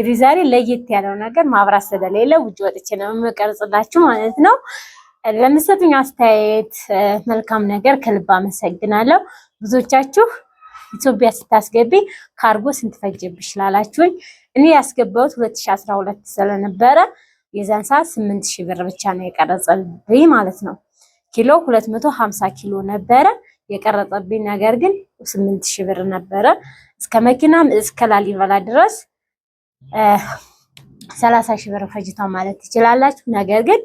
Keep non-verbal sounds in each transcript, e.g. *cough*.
እንግዲህ ዛሬ ለየት ያለው ነገር ማብራት ስለሌለ ውጭ ወጥቼ ነው የምቀርጽላችሁ ማለት ነው። ለምትሰጡኝ አስተያየት፣ መልካም ነገር ከልብ አመሰግናለሁ። ብዙዎቻችሁ ኢትዮጵያ ስታስገቢ ካርጎ ስንት ፈጀብሽ ላላችሁኝ እኔ ያስገባሁት 2012 ስለነበረ የዛን ሰዓት 8000 ብር ብቻ ነው የቀረጸብኝ ማለት ነው። ኪሎ 250 ኪሎ ነበረ የቀረጸብኝ ነገር ግን 8000 ብር ነበረ። እስከ መኪናም እስከ ላሊበላ ድረስ ሰላሳ ሺህ ብር ፈጅቷ ማለት ትችላላችሁ። ነገር ግን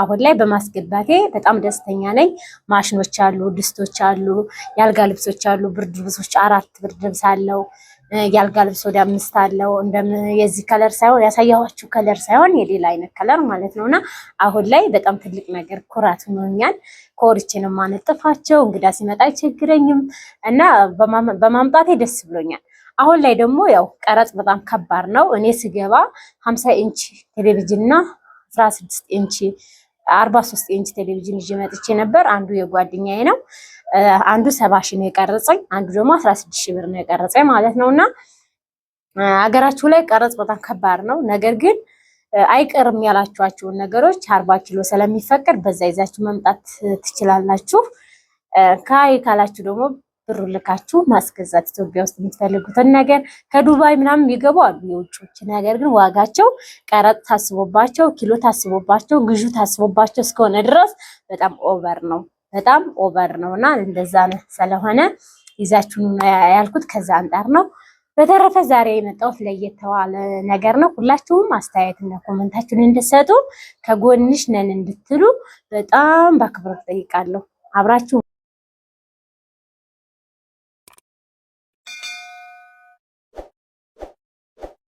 አሁን ላይ በማስገባቴ በጣም ደስተኛ ነኝ። ማሽኖች አሉ፣ ድስቶች አሉ፣ የአልጋ ልብሶች አሉ፣ ብርድ ልብሶች አራት ብርድ ልብስ አለው የአልጋ ልብስ ወደ አምስት አለው። የዚህ ከለር ሳይሆን ያሳያኋችሁ ከለር ሳይሆን የሌላ አይነት ከለር ማለት ነው። እና አሁን ላይ በጣም ትልቅ ነገር ኩራት ሆኖኛል። ኮርቼ ነው እንግዳ ሲመጣ አይቸግረኝም እና በማምጣቴ ደስ ብሎኛል። አሁን ላይ ደግሞ ያው ቀረጽ በጣም ከባድ ነው። እኔ ስገባ 50 ኢንች ቴሌቪዥንና 16 ኢንች 43 ኢንች ቴሌቪዥን ይዤ መጥቼ ነበር። አንዱ የጓደኛዬ ነው። አንዱ 70 ሺህ ነው የቀረጸኝ፣ አንዱ ደግሞ 16 ሺህ ብር ነው የቀረጸኝ ማለት ነውና አገራችሁ ላይ ቀረጽ በጣም ከባድ ነው። ነገር ግን አይቀርም ያላችኋቸውን ነገሮች 40 ኪሎ ስለሚፈቅድ በዛ ይዛችሁ መምጣት ትችላላችሁ። ከአይ ካላችሁ ደግሞ ብሩ ልካችሁ ማስገዛት ኢትዮጵያ ውስጥ የምትፈልጉትን ነገር ከዱባይ ምናምን የሚገቡ አሉ የውጮች። ነገር ግን ዋጋቸው ቀረጥ ታስቦባቸው፣ ኪሎ ታስቦባቸው፣ ግዥ ታስቦባቸው እስከሆነ ድረስ በጣም ኦቨር ነው፣ በጣም ኦቨር ነው እና እንደዛ ስለሆነ ይዛችሁን ያልኩት ከዛ አንጻር ነው። በተረፈ ዛሬ የመጣሁት ለየተባለ ነገር ነው። ሁላችሁም አስተያየትና ኮመንታችሁን እንድትሰጡ ከጎንሽ ነን እንድትሉ በጣም በአክብሮት ጠይቃለሁ አብራችሁ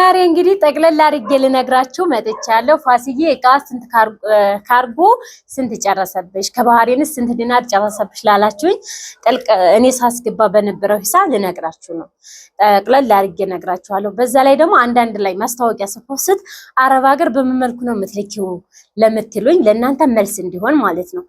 ዛሬ እንግዲህ ጠቅለል አድርጌ ልነግራችሁ መጥቻለሁ። ፋሲዬ እቃ ስንት ካርጎ ስንት ጨረሰብሽ፣ ከባህሬንስ ስንት ዲናር ጨረሰብሽ ላላችሁኝ ጥልቅ እኔ ሳስገባ በነበረው ሂሳብ ልነግራችሁ ነው። ጠቅለል አድርጌ እነግራችኋለሁ። በዛ ላይ ደግሞ አንዳንድ ላይ ማስታወቂያ ስፖስት አረብ ሀገር በምን መልኩ ነው የምትልኪው ለምትሉኝ ለእናንተ መልስ እንዲሆን ማለት ነው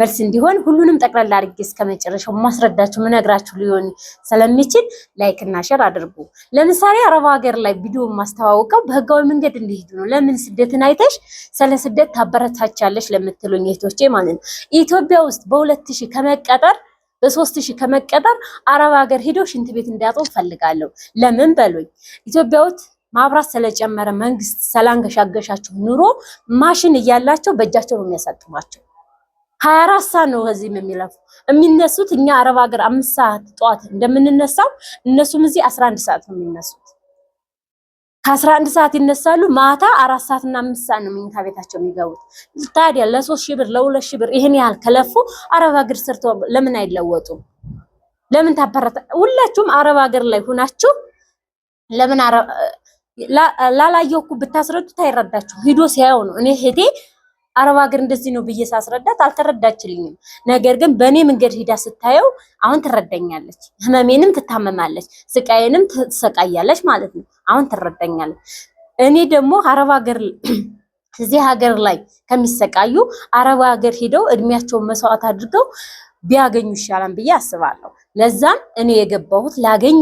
መልስ እንዲሆን ሁሉንም ጠቅላላ አድርጌ እስከ መጨረሻው ማስረዳችሁ ምነግራችሁ ሊሆን ስለሚችል ላይክ እና ሼር አድርጉ። ለምሳሌ አረብ ሀገር ላይ ቪዲዮ ማስተዋወቀው በህጋዊ መንገድ እንዲሄዱ ነው። ለምን ስደትን አይተሽ ስለ ስደት ታበረታቻለሽ ለምትሉኝ እህቶቼ ማለት ነው ኢትዮጵያ ውስጥ በሁለት ሺህ ከመቀጠር በሶስት ሺህ ከመቀጠር አረብ ሀገር ሄዶ ሽንት ቤት እንዲያጠው ፈልጋለሁ። ለምን በሉኝ ውስጥ ማብራት ስለጨመረ መንግስት ስላንገሻገሻችሁ ኑሮ ማሽን እያላቸው በእጃቸው ነው የሚያሳጥሟቸው። ሀያ አራት ሰዓት ነው ከዚህም የሚለፉ የሚነሱት። እኛ አረብ ሀገር አምስት ሰዓት ጠዋት እንደምንነሳው እነሱም እዚህ አስራ አንድ ሰዓት ነው የሚነሱት። ከአስራ አንድ ሰዓት ይነሳሉ። ማታ አራት ሰዓት እና አምስት ሰዓት ነው መኝታ ቤታቸው የሚገቡት። ታዲያ ለሶስት ሺህ ብር ለሁለት ሺህ ብር ይህን ያህል ከለፉ አረብ ሀገር ስርቶ ለምን አይለወጡም? ለምን ታበረታ? ሁላችሁም አረብ ሀገር ላይ ሆናችሁ ለምን ላላየኩ ብታስረዱት አይረዳችሁም። ሂዶ ሲያየው ነው እኔ ሄቴ አረብ ሀገር እንደዚህ ነው ብዬ ሳስረዳት አልተረዳችልኝም። ነገር ግን በእኔ መንገድ ሂዳ ስታየው አሁን ትረዳኛለች። ህመሜንም ትታመማለች፣ ስቃዬንም ትሰቃያለች ማለት ነው። አሁን ትረዳኛለች። እኔ ደግሞ አረብ ሀገር *clears throat* እዚህ ሀገር ላይ ከሚሰቃዩ አረብ ሀገር ሂደው እድሜያቸውን መስዋዕት አድርገው ቢያገኙ ይሻላል ብዬ አስባለሁ። ለዛም እኔ የገባሁት ላገኝ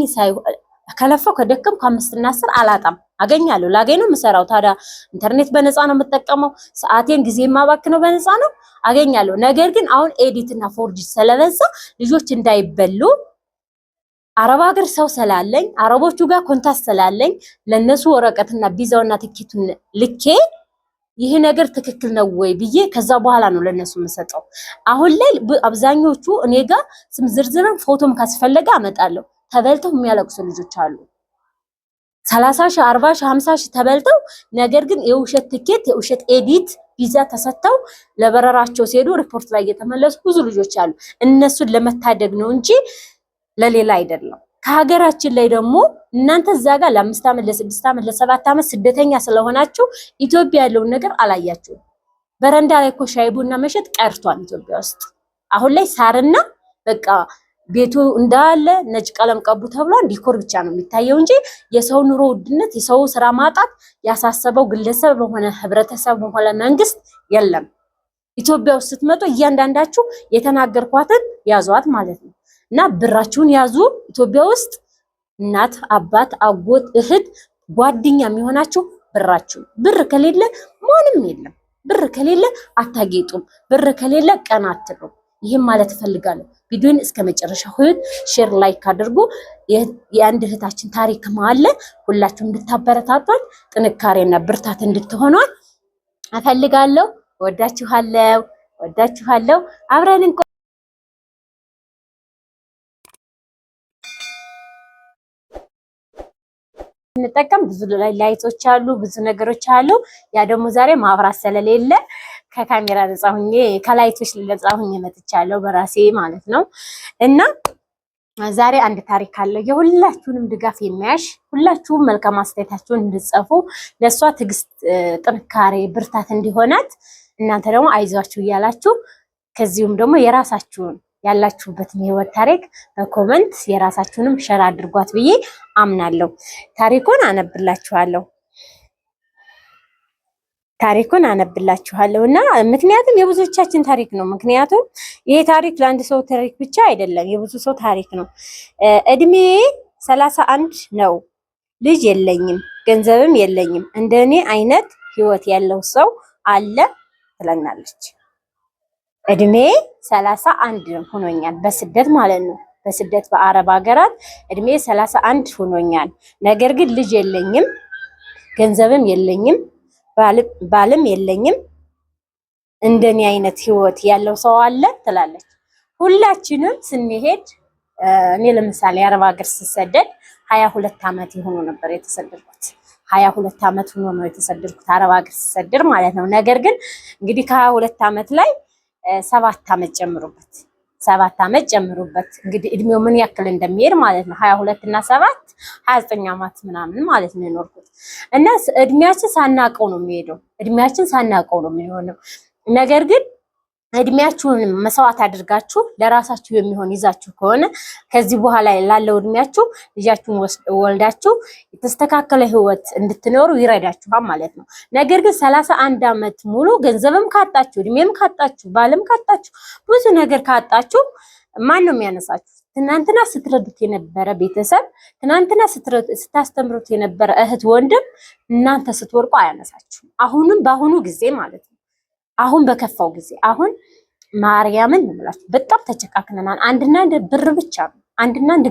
ከለፈው ከደከም ከአምስትና አስር አላጣም አገኛለሁ። ላገኝ ነው የምሰራው። ታዲያ ኢንተርኔት በነፃ ነው የምጠቀመው። ሰዓቴን ጊዜ የማባክ ነው በነፃ ነው አገኛለሁ። ነገር ግን አሁን ኤዲትና ፎርጅ ስለበዛ ልጆች እንዳይበሉ አረብ ሀገር ሰው ስላለኝ አረቦቹ ጋር ኮንታክት ስላለኝ ለነሱ ወረቀትና ቢዛውና ትኬቱን ልኬ ይህ ነገር ትክክል ነው ወይ ብዬ ከዛ በኋላ ነው ለነሱ የምሰጠው። አሁን ላይ አብዛኞቹ እኔ ጋር ስም ዝርዝርን ፎቶም ካስፈለገ አመጣለሁ። ተበልተው የሚያለቅሱ ልጆች አሉ። ሰላሳ ሺህ አርባ ሺህ ሀምሳ ሺህ ተበልተው ነገር ግን የውሸት ትኬት የውሸት ኤዲት ቪዛ ተሰጥተው ለበረራቸው ሲሄዱ ሪፖርት ላይ እየተመለሱ ብዙ ልጆች አሉ። እነሱን ለመታደግ ነው እንጂ ለሌላ አይደለም። ከሀገራችን ላይ ደግሞ እናንተ እዛ ጋር ለአምስት ዓመት ለስድስት ዓመት ለሰባት ዓመት ስደተኛ ስለሆናችሁ ኢትዮጵያ ያለውን ነገር አላያችሁም። በረንዳ ላይ እኮ ሻይ ቡና መሸጥ ቀርቷል ኢትዮጵያ ውስጥ አሁን ላይ ሳርና በቃ ቤቱ እንዳለ ነጭ ቀለም ቀቡ ተብሏል። ዲኮር ብቻ ነው የሚታየው እንጂ የሰው ኑሮ ውድነት፣ የሰው ስራ ማጣት ያሳሰበው ግለሰብ በሆነ ህብረተሰብ በሆነ መንግስት የለም። ኢትዮጵያ ውስጥ ስትመጡ እያንዳንዳችሁ የተናገርኳትን ያዟት ማለት ነው እና ብራችሁን ያዙ። ኢትዮጵያ ውስጥ እናት፣ አባት፣ አጎት፣ እህት፣ ጓደኛ የሚሆናችሁ ብራችሁ። ብር ከሌለ ማንም የለም። ብር ከሌለ አታጌጡም። ብር ከሌለ ቀን አትሉም። ይህም ማለት እፈልጋለሁ። ቪዲዮን እስከ መጨረሻ ሁት ሼር ላይክ አድርጉ። የአንድ እህታችን ታሪክ ማለ ሁላችሁም እንድታበረታቷን ጥንካሬና ብርታት እንድትሆኗን እፈልጋለሁ። ወዳችኋለሁ፣ ወዳችኋለሁ። አብረን እንቆ እንጠቀም ብዙ ላይቶች አሉ፣ ብዙ ነገሮች አሉ። ያ ደግሞ ዛሬ ማብራት ስለሌለ ከካሜራ ነፃ ሁኜ ከላይቶች ነፃ ሁኜ መጥቻለሁ በራሴ ማለት ነው። እና ዛሬ አንድ ታሪክ አለ። የሁላችሁንም ድጋፍ የሚያሽ ሁላችሁም መልካም አስተያየታችሁን እንድጽፉ ለእሷ ትዕግስት፣ ጥንካሬ፣ ብርታት እንዲሆናት እናንተ ደግሞ አይዟችሁ እያላችሁ ከዚሁም ደግሞ የራሳችሁን ያላችሁበትን የህይወት ታሪክ በኮመንት የራሳችሁንም ሸር አድርጓት ብዬ አምናለሁ። ታሪኩን አነብላችኋለሁ። ታሪኩን አነብላችኋለሁ እና ምክንያቱም የብዙዎቻችን ታሪክ ነው። ምክንያቱም ይሄ ታሪክ ለአንድ ሰው ታሪክ ብቻ አይደለም፣ የብዙ ሰው ታሪክ ነው። እድሜ ሰላሳ አንድ ነው። ልጅ የለኝም፣ ገንዘብም የለኝም። እኔ አይነት ህይወት ያለው ሰው አለ ትለናለች። እድሜ ሰላሳ አንድ ሆኖኛል በስደት ማለት ነው። በስደት በአረብ ሀገራት እድሜ ሰላሳ አንድ ሆኖኛል። ነገር ግን ልጅ የለኝም፣ ገንዘብም የለኝም ባልም የለኝም እንደኔ አይነት ህይወት ያለው ሰው አለ ትላለች። ሁላችንም ስንሄድ እኔ ለምሳሌ አረብ ሀገር ስሰደድ ሀያ ሁለት አመት የሆኑ ነበር የተሰደድኩት። ሀያ ሁለት አመት ሆኖ ነው የተሰደድኩት አረብ ሀገር ስሰደድ ማለት ነው። ነገር ግን እንግዲህ ከሀያ ሁለት አመት ላይ ሰባት አመት ጨምሩበት ሰባት ዓመት ጨምሩበት። እንግዲህ እድሜው ምን ያክል እንደሚሄድ ማለት ነው። ሀያ ሁለት እና ሰባት ሀያ ዘጠኝ ዓመት ምናምን ማለት ነው የኖርኩት እና እድሜያችን ሳናቀው ነው የሚሄደው። እድሜያችን ሳናቀው ነው የሚሆነው ነገር ግን እድሜያችሁን መስዋዕት አድርጋችሁ ለራሳችሁ የሚሆን ይዛችሁ ከሆነ ከዚህ በኋላ ላለው እድሜያችሁ ልጃችሁን ወልዳችሁ የተስተካከለ ህይወት እንድትኖሩ ይረዳችኋል ማለት ነው። ነገር ግን ሰላሳ አንድ አመት ሙሉ ገንዘብም ካጣችሁ፣ እድሜም ካጣችሁ፣ ባልም ካጣችሁ፣ ብዙ ነገር ካጣችሁ ማን ነው የሚያነሳችሁ? ትናንትና ስትረዱት የነበረ ቤተሰብ፣ ትናንትና ስታስተምሩት የነበረ እህት ወንድም እናንተ ስትወርቁ አያነሳችሁም። አሁንም በአሁኑ ጊዜ ማለት ነው አሁን በከፋው ጊዜ አሁን ማርያምን ነው የምላችሁ። በጣም ተጨካክነናል። አንድና አንድ ብር ብቻ ነው አንድና አንድ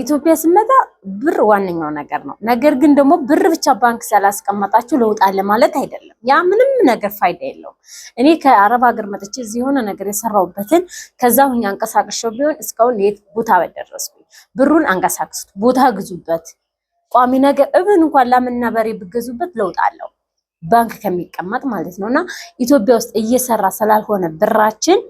ኢትዮጵያ ስመጣ ብር ዋነኛው ነገር ነው። ነገር ግን ደግሞ ብር ብቻ ባንክ ስላስቀመጣችሁ ለውጥ አለ ማለት አይደለም። ያ ምንም ነገር ፋይዳ የለውም። እኔ ከአረብ ሀገር መጥቼ እዚህ የሆነ ነገር የሰራሁበትን ከዛ ሁኛ አንቀሳቅሸው ቢሆን እስካሁን የት ቦታ በደረስኩኝ። ብሩን አንቀሳቅሱት፣ ቦታ ግዙበት፣ ቋሚ ነገር እብን እንኳን ላምና በሬ ብገዙበት ለውጥ አለው ባንክ ከሚቀመጥ ማለት ነው። እና ኢትዮጵያ ውስጥ እየሰራ ስላልሆነ ብራችን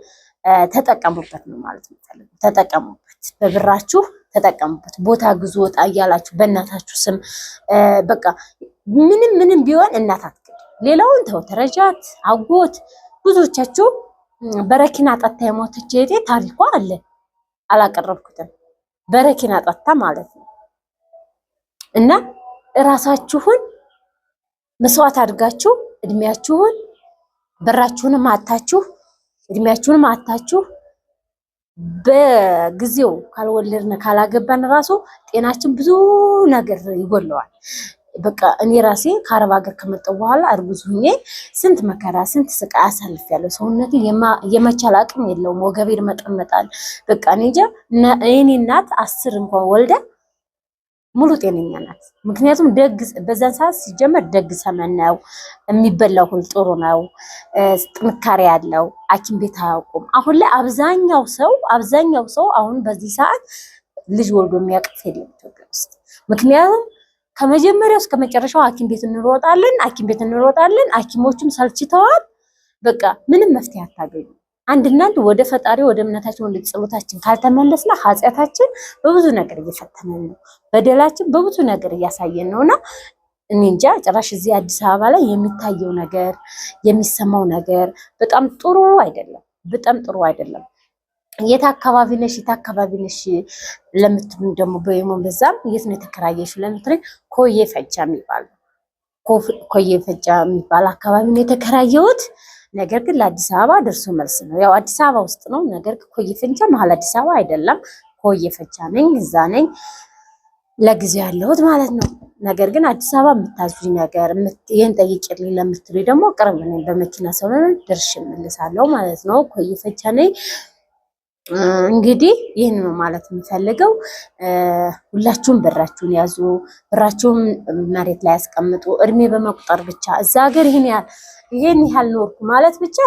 ተጠቀሙበት ነው ማለት ነው። ተጠቀሙበት በብራችሁ ተጠቀሙበት። ቦታ ግዙ፣ ወጣ እያላችሁ በእናታችሁ ስም በቃ ምንም ምንም ቢሆን እናት አትክድ። ሌላውን ተው፣ ተረጃት፣ አጎት ብዙዎቻችሁ በረኪና ጠታ የሞተች እህቴ ታሪኳ አለ አላቀረብኩትም። በረኪና ጠታ ማለት ነው እና እራሳችሁን መስዋዕት አድርጋችሁ እድሜያችሁን በራችሁንም አታችሁ እድሜያችሁንም አታችሁ በጊዜው ካልወለድን ካላገባን ራሱ ጤናችን ብዙ ነገር ይጎለዋል። በቃ እኔ ራሴ ከአረብ ሀገር ከመጣሁ በኋላ እርጉዝ ሁኜ ስንት መከራ ስንት ስቃይ ያለው ሰውነቴ የመቻል አቅም የለውም። ወገቤ ይመጠመጣል። በቃ እኔ እንጃ እኔ እናት አስር እንኳን ወልደ? ሙሉ ጤነኛ ናት። ምክንያቱም ደግ በዛን ሰዓት ሲጀመር ደግ ሰመን ነው የሚበላው፣ ሁሉ ጥሩ ነው፣ ጥንካሬ ያለው ሐኪም ቤት አያውቁም። አሁን ላይ አብዛኛው ሰው አብዛኛው ሰው አሁን በዚህ ሰዓት ልጅ ወልዶ የሚያቅፍ የለም ኢትዮጵያ ውስጥ። ምክንያቱም ከመጀመሪያው እስከ መጨረሻው ሐኪም ቤት እንሮጣለን፣ ሐኪም ቤት እንሮጣለን። ሐኪሞቹም ሰልችተዋል። በቃ ምንም መፍትሄ አታገኙ። አንድና አንድ ወደ ፈጣሪ ወደ እምነታችን ወደ ጸሎታችን ካልተመለስና ኃጢአታችን በብዙ ነገር እየፈተነን ነው። በደላችን በብዙ ነገር እያሳየን ነው እና እኔ እንጃ ጭራሽ እዚህ አዲስ አበባ ላይ የሚታየው ነገር የሚሰማው ነገር በጣም ጥሩ አይደለም፣ በጣም ጥሩ አይደለም። የት አካባቢ ነሽ? የት አካባቢ ነሽ ለምትሉኝ ደግሞ በሞ በዛም የት ነው የተከራየሽው ለምትለኝ ኮዬ ፈጃ የሚባል ኮዬ ፈጃ የሚባል አካባቢ ነው የተከራየሁት። ነገር ግን ለአዲስ አበባ ደርሶ መልስ ነው። ያው አዲስ አበባ ውስጥ ነው። ነገር ግን ኮዬ ፈንቻ መሀል አዲስ አበባ አይደለም። ኮዬ ፈንቻ ነኝ፣ እዛ ነኝ ለጊዜው ያለሁት ማለት ነው። ነገር ግን አዲስ አበባ የምታዙኝ ነገር ይህን ጠይቄልኝ ለምትሉኝ ደግሞ ቅርብ ነኝ፣ በመኪና ሰው ደርሼ እመልሳለሁ ማለት ነው። ኮዬ ፈንቻ ነኝ። እንግዲህ ይህን ነው ማለት የምፈልገው። ሁላችሁም ብራችሁን ያዙ፣ ብራችሁን መሬት ላይ ያስቀምጡ። እድሜ በመቁጠር ብቻ እዛ ሀገር ይህን ያህል ይሄን ያህል ኖርኩ ማለት ብቻ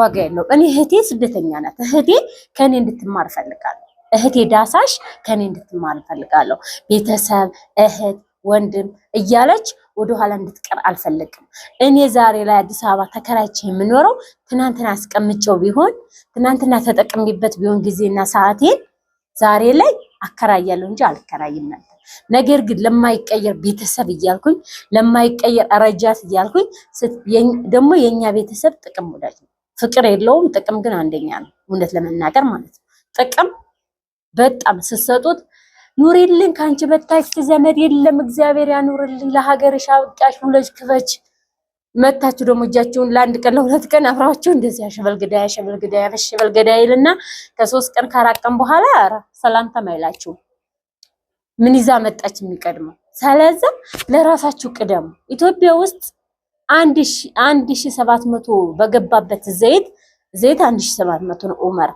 ዋጋ የለው። እኔ እህቴ ስደተኛ ናት። እህቴ ከእኔ እንድትማር እፈልጋለሁ። እህቴ ዳሳሽ ከእኔ እንድትማር እፈልጋለሁ። ቤተሰብ እህት ወንድም እያለች ወደ ኋላ እንድትቀር አልፈለግም። እኔ ዛሬ ላይ አዲስ አበባ ተከራይቼ የምኖረው ትናንትና አስቀምጨው ቢሆን ትናንትና ተጠቅሚበት ቢሆን ጊዜና ሰዓቴን ዛሬ ላይ አከራያለሁ እንጂ አልከራይም ነበር። ነገር ግን ለማይቀየር ቤተሰብ እያልኩኝ ለማይቀየር ረጃት እያልኩኝ ደግሞ የእኛ ቤተሰብ ጥቅም ወዳጅ ነው፣ ፍቅር የለውም። ጥቅም ግን አንደኛ ነው፣ እውነት ለመናገር ማለት ነው። ጥቅም በጣም ስትሰጡት ኑሪልን፣ ከአንቺ በታች ዘመድ የለም። እግዚአብሔር ያኑርልን። ለሀገርሽ አብቃሽ፣ ውለጅ ክበች። መታችሁ ደግሞ እጃችሁን ለአንድ ቀን ለሁለት ቀን አብራችሁ እንደዚህ ያሸበልግዳ ያሸበልግዳ ያሸበልግዳ ይልና ከሶስት ቀን ከአራት ቀን በኋላ ሰላምታም አይላችሁም። ምን ይዛ መጣች የሚቀድመው። ስለዚህ ለራሳችሁ ቅደሙ። ኢትዮጵያ ውስጥ አንድ ሺ አንድ ሺ ሰባት መቶ በገባበት ዘይት ዘይት አንድ ሺ ሰባት መቶ ነው ኡመር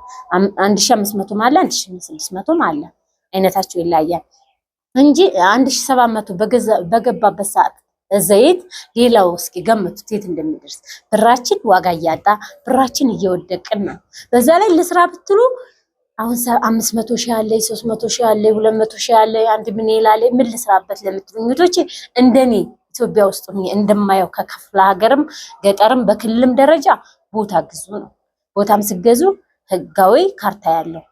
አንድ ሺ አምስት መቶ አለ አንድ ሺ ስድስት መቶ አለ አይነታቸው ይለያያል እንጂ አንድ ሺህ ሰባት መቶ በገባበት ሰዓት ዘይት ሌላው እስኪ ገምቱት የት እንደሚደርስ። ብራችን ዋጋ እያጣ ብራችን እየወደቅን ነው። በዛ ላይ ልስራ ብትሉ አሁን አምስት መቶ ሺህ አለ፣ ሶስት መቶ ሺህ አለ፣ ሁለት መቶ ሺህ አለ፣ አንድ ምን ይላል ምን ልስራበት ለምትሉኝ እህቶቼ እንደኔ ኢትዮጵያ ውስጥ እንደማየው ከክፍለ ሀገርም ገጠርም በክልልም ደረጃ ቦታ ግዙ ነው። ቦታም ስገዙ ህጋዊ ካርታ ያለው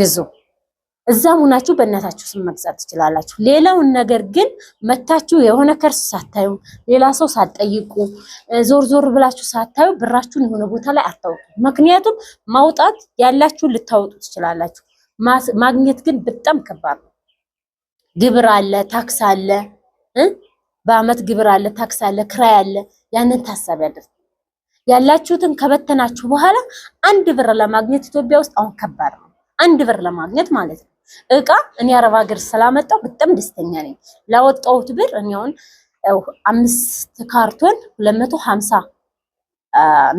ግዙ። እዛ ሁናችሁ በእናታችሁ ስም መግዛት ትችላላችሁ። ሌላውን ነገር ግን መታችሁ የሆነ ከርስ ሳታዩ ሌላ ሰው ሳትጠይቁ ዞር ዞር ብላችሁ ሳታዩ ብራችሁን የሆነ ቦታ ላይ አታውጡ። ምክንያቱም ማውጣት ያላችሁን ልታወጡ ትችላላችሁ። ማግኘት ግን በጣም ከባድ ነው። ግብር አለ፣ ታክስ አለ፣ በአመት ግብር አለ፣ ታክስ አለ፣ ክራይ አለ። ያንን ታሳቢ ያደርጉ። ያላችሁትን ከበተናችሁ በኋላ አንድ ብር ለማግኘት ኢትዮጵያ ውስጥ አሁን ከባድ ነው። አንድ ብር ለማግኘት ማለት ነው። እቃ እኔ አረብ ሀገር ስላመጣው በጣም ደስተኛ ነኝ። ላወጣሁት ብር እኔ አሁን አምስት ካርቶን ሁለት መቶ ሀምሳ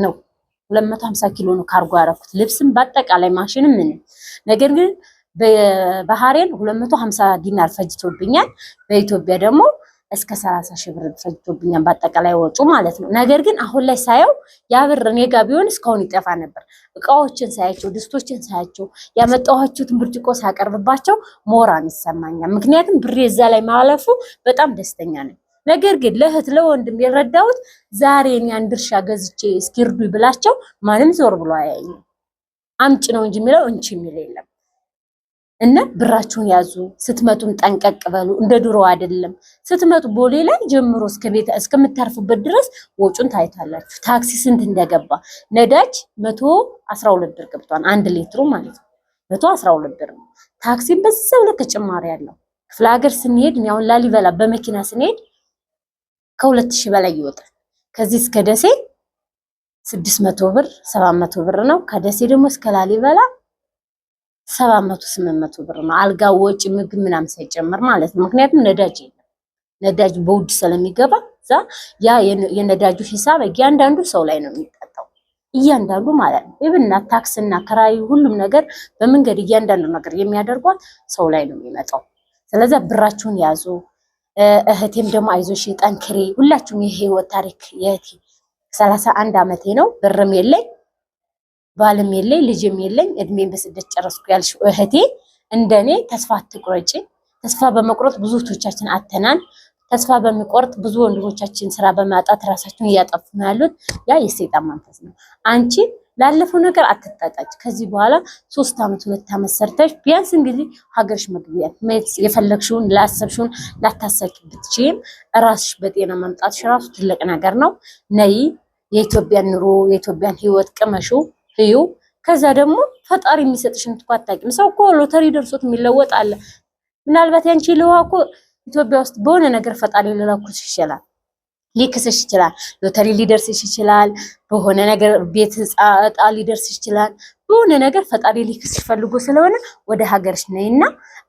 ነው ሁለት መቶ ሀምሳ ኪሎ ነው ካርጎ ያደረኩት ልብስም በአጠቃላይ ማሽንም ምን ነገር ግን በባህሬን ሁለት መቶ ሀምሳ ዲናር ፈጅቶብኛል። በኢትዮጵያ ደግሞ እስከ ሰላሳ ሺህ ብር ፈጅቶብኛል በአጠቃላይ ወጪ ማለት ነው። ነገር ግን አሁን ላይ ሳየው ያ ብር እኔ ጋ ቢሆን እስካሁን ይጠፋ ነበር። እቃዎችን ሳያቸው፣ ድስቶችን ሳያቸው፣ ያመጣኋችሁትን ብርጭቆ ሳቀርብባቸው ሞራን ይሰማኛል። ምክንያቱም ብሬ እዛ ላይ ማለፉ በጣም ደስተኛ ነኝ። ነገር ግን ለእህት ለወንድም የረዳሁት ዛሬ ዛሬን አንድ እርሻ ገዝቼ እስኪርዱ ብላቸው ማንም ዞር ብሎ አያይኝም። አምጭ ነው እንጂ የሚለው እንቺ የሚል የለም። እና ብራችሁን ያዙ። ስትመጡም ጠንቀቅ በሉ። እንደ ድሮ አይደለም። ስትመጡ ቦሌ ላይ ጀምሮ እስከ ቤት እስከምታርፉበት ድረስ ወጩን ታይታላችሁ። ታክሲ ስንት እንደገባ ነዳጅ መቶ አስራ ሁለት ብር ገብቷል። አንድ ሊትሩ ማለት ነው መቶ አስራ ሁለት ብር ነው። ታክሲም በዛው ልክ ጭማሪ ያለው ክፍለ ሀገር ስንሄድ ያሁን ላሊበላ በመኪና ስንሄድ ከሁለት ሺህ በላይ ይወጣል። ከዚህ እስከ ደሴ ስድስት መቶ ብር ሰባት መቶ ብር ነው። ከደሴ ደግሞ እስከ ላሊበላ ሰባት መቶ ስምንት መቶ ብር ነው። አልጋ ወጪ፣ ምግብ ምናምን ሳይጨምር ማለት ነው። ምክንያቱም ነዳጅ የለም። ነዳጅ በውድ ስለሚገባ እዛ ያ የነዳጁ ሂሳብ እያንዳንዱ ሰው ላይ ነው የሚጠጣው፣ እያንዳንዱ ማለት ነው። ይብና ታክስና ክራይ፣ ሁሉም ነገር በመንገድ እያንዳንዱ ነገር የሚያደርጓት ሰው ላይ ነው የሚመጣው። ስለዚ ብራችሁን ያዙ። እህቴም ደግሞ አይዞሽ ጠንክሬ፣ ሁላችሁም የህይወት ታሪክ የእህቴ ሰላሳ አንድ አመቴ ነው ብርም የለኝ ባልም የለኝ ልጅም የለኝ እድሜን በስደት ጨረስኩ ያልሽ እህቴ እንደኔ ተስፋ አትቁረጭ። ተስፋ በመቁረጥ ብዙ እህቶቻችን አተናል። ተስፋ በሚቆርጥ ብዙ ወንድሞቻችን ስራ በማጣት ራሳቸውን እያጠፉ ነው ያሉት። ያ የሰይጣን መንፈስ ነው። አንቺ ላለፈው ነገር አትጣጣጭ። ከዚህ በኋላ ሶስት ዓመት ሁለት ዓመት ሰርተሽ ቢያንስ እንግዲህ ሀገርሽ መግቢያት መት የፈለግሽውን ላሰብሽውን ላታሳቂ ብትችይም ራስሽ በጤና መምጣትሽ ራሱ ትልቅ ነገር ነው። ነይ የኢትዮጵያን ኑሮ የኢትዮጵያን ህይወት ቅመሹ። እዩ። ከዛ ደግሞ ፈጣሪ የሚሰጥሽን እኮ አታውቂም። ሰው እኮ ሎተሪ ደርሶት የሚለወጥ አለ። ምናልባት ያንቺ ልዋ እኮ ኢትዮጵያ ውስጥ በሆነ ነገር ፈጣሪ ሊለኩስ ይችላል፣ ሊክስሽ ይችላል። ሎተሪ ሊደርስሽ ይችላል። በሆነ ነገር ቤት ዕጣ ሊደርስሽ ይችላል። በሆነ ነገር ፈጣሪ ሊክስሽ ፈልጎ ስለሆነ ወደ ሀገርሽ ነይና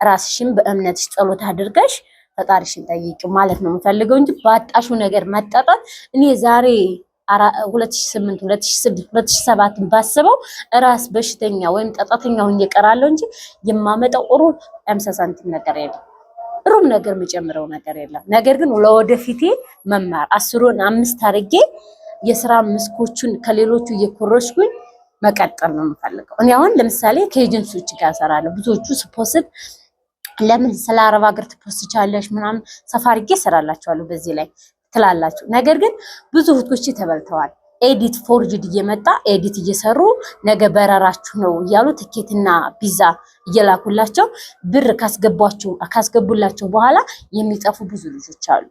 ራስሽን በእምነትሽ ጸሎት አድርገሽ ፈጣሪሽን ጠይቂ ማለት ነው የምፈልገው እንጂ ባጣሹ ነገር መጠጣት እኔ ዛሬ 2008 2006 2007 ባስበው ራስ በሽተኛ ወይም ጠጣተኛ ሆኜ እቀራለሁ እንጂ የማመጣው ሩብ 50 ሳንቲም ነገር የለም። ሩብ ነገር የምጨምረው ነገር የለም። ነገር ግን ለወደፊቴ መማር አስሩን አምስት አድርጌ የስራ መስኮቹን ከሌሎቹ እየኮረጅኩኝ መቀጠል ነው የምፈልገው። እኔ አሁን ለምሳሌ ከኤጀንሲዎች ጋር እሰራለሁ። ብዙዎቹ ስፖስት ለምን ስለ አረብ ሀገር ትፖስቻለሽ ምናምን ሰፋ አድርጌ እሰራላችኋለሁ። በዚህ ላይ ትላላችሁ። ነገር ግን ብዙ እህቶች ተበልተዋል። ኤዲት ፎርጅድ እየመጣ ኤዲት እየሰሩ ነገ በረራችሁ ነው እያሉ ትኬትና ቪዛ እየላኩላቸው ብር ካስገቡላቸው በኋላ የሚጠፉ ብዙ ልጆች አሉ።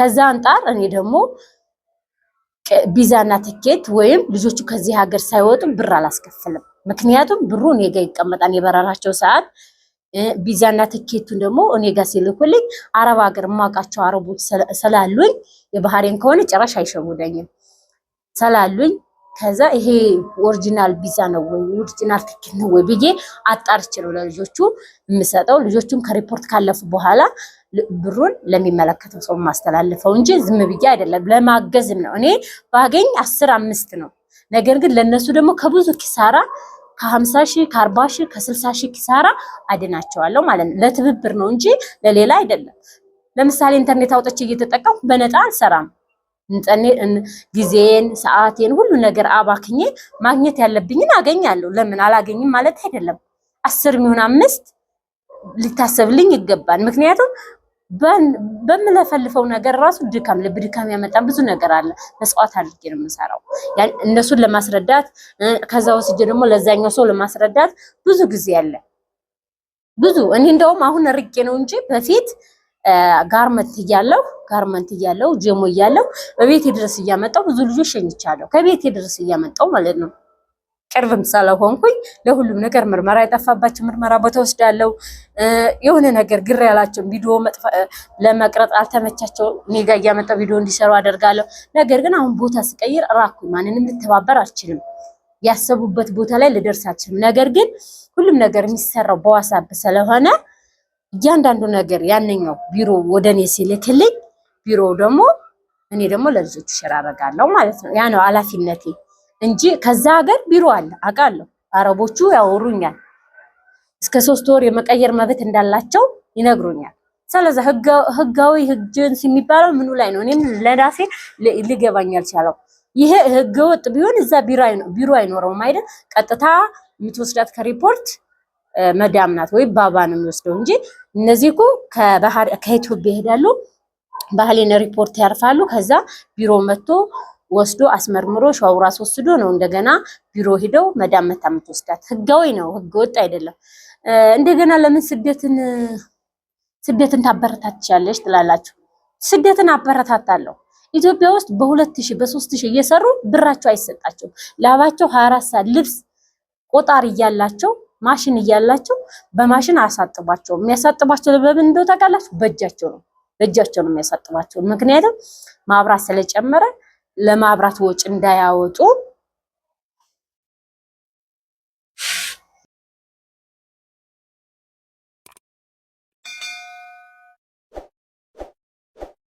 ከዛ አንጻር እኔ ደግሞ ቪዛና ትኬት ወይም ልጆቹ ከዚህ ሀገር ሳይወጡ ብር አላስከፍልም። ምክንያቱም ብሩ እኔ ጋ ይቀመጣል የበረራቸው ሰዓት ቢዛና ትኬቱን ደግሞ እኔ ጋር ሲልኩልኝ አረብ ሀገር የማውቃቸው አረቦች ስላሉኝ የባህሬን ከሆነ ጭራሽ አይሸውደኝም ስላሉኝ ከዛ ይሄ ኦሪጂናል ቢዛ ነው ወይ ኦሪጂናል ትኬት ነው ወይ ብዬ አጣርቼ ነው ለልጆቹ የምሰጠው። ልጆቹም ከሪፖርት ካለፉ በኋላ ብሩን ለሚመለከተው ሰው ማስተላልፈው እንጂ ዝም ብዬ አይደለም፣ ለማገዝም ነው። እኔ ባገኝ አስር አምስት ነው። ነገር ግን ለእነሱ ደግሞ ከብዙ ኪሳራ ከ50 ሺህ ከ ከ ኪሳራ አድናቸዋለሁ ማለት ነው። ለትብብር ነው እንጂ ለሌላ አይደለም። ለምሳሌ ኢንተርኔት አውጥቼ እየተጠቀምኩ በነጣ አልሰራም። ጊዜን፣ ሰዓቴን፣ ሁሉ ነገር አባክኜ ማግኘት ያለብኝን አገኛለሁ። ለምን አላገኝም ማለት አይደለም። አስር የሚሆን አምስት ሊታሰብልኝ ይገባል። ምክንያቱም በምለፈልፈው ነገር ራሱ ድካም ልብ ድካም ያመጣን ብዙ ነገር አለ። መስዋዕት አድርጌ ነው የምሰራው እነሱን ለማስረዳት ከዛ ወስጄ ደግሞ ለዛኛው ሰው ለማስረዳት ብዙ ጊዜ አለ ብዙ እኔ እንደውም አሁን ርቄ ነው እንጂ በፊት ጋርመንት እያለሁ ጋርመንት እያለሁ ጀሞ እያለሁ በቤቴ ድረስ እያመጣው ብዙ ልጆች ሸኝቻለሁ። ከቤቴ ድረስ እያመጣው ማለት ነው። ቅርብም ስለሆንኩኝ ለሁሉም ነገር ምርመራ የጠፋባቸው ምርመራ ቦታ ወስዳለሁ። የሆነ ነገር ግር ያላቸው ቪዲዮ ለመቅረጥ አልተመቻቸው እኔ ጋ እያመጣሁ ቪዲዮ እንዲሰሩ አደርጋለሁ። ነገር ግን አሁን ቦታ ስቀይር ራኩኝ። ማንንም ልተባበር አልችልም። ያሰቡበት ቦታ ላይ ልደርስ አልችልም። ነገር ግን ሁሉም ነገር የሚሰራው በዋሳብ ስለሆነ እያንዳንዱ ነገር ያነኛው ቢሮ ወደ እኔ ሲልክልኝ ቢሮ ደግሞ እኔ ደግሞ ለልጆቹ ይሸራረጋለሁ ማለት ነው። ያ ነው ኃላፊነቴ። እንጂ ከዛ ሀገር ቢሮ አለ አውቃለሁ። አረቦቹ ያወሩኛል። እስከ ሶስት ወር የመቀየር መብት እንዳላቸው ይነግሩኛል። ስለዛ ህጋዊ ህጅንስ የሚባለው ምኑ ላይ ነው? እኔም ለራሴ ሊገባኝ አልቻለው። ይሄ ህገወጥ ቢሆን እዛ ቢሮ አይኖረውም አይደል? ቀጥታ የምትወስዳት ከሪፖርት መዳም ናት ወይም ባባ ነው የሚወስደው እንጂ እነዚህ እኮ ከኢትዮጵያ ይሄዳሉ፣ ባህሌን ሪፖርት ያርፋሉ። ከዛ ቢሮ መጥቶ ወስዶ አስመርምሮ ሻውራስ ወስዶ ነው እንደገና ቢሮ ሂደው መዳም መታ የምትወስዳት። ህጋዊ ነው፣ ህገ ወጥ አይደለም። እንደገና ለምን ስደትን ስደትን ታበረታትቻለች ትላላችሁ? ስደትን አበረታታለሁ። ኢትዮጵያ ውስጥ በሁለት ሺህ በሶስት ሺህ እየሰሩ ብራቸው አይሰጣቸውም። ላባቸው 24 ሰዓት ልብስ ቆጣሪ እያላቸው ማሽን እያላቸው በማሽን አሳጥባቸው የሚያሳጥቧቸው በምን እንደው ታውቃላችሁ? በእጃቸው ነው በእጃቸው ነው የሚያሳጥባቸው። ምክንያቱም ማብራት ስለጨመረ ለማብራት ወጪ እንዳያወጡ